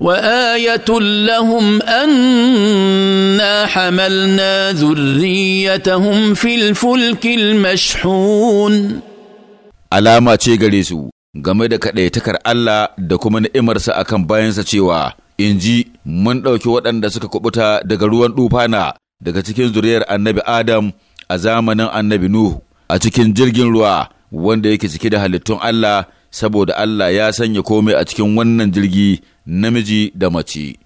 وايه لهم انا حملنا ذريتهم في الفلك المشحون alama ce gare su game da kaɗaitakar Allah da kuma ni'imarsa kan bayansa cewa in ji mun ɗauki waɗanda suka kubuta daga ruwan ɗufana daga cikin zuriyar annabi Adam a zamanin annabi Nuhu a cikin jirgin ruwa wanda yake cike da halittun Allah saboda Allah ya sanya komai a cikin wannan jirgi namiji da mace.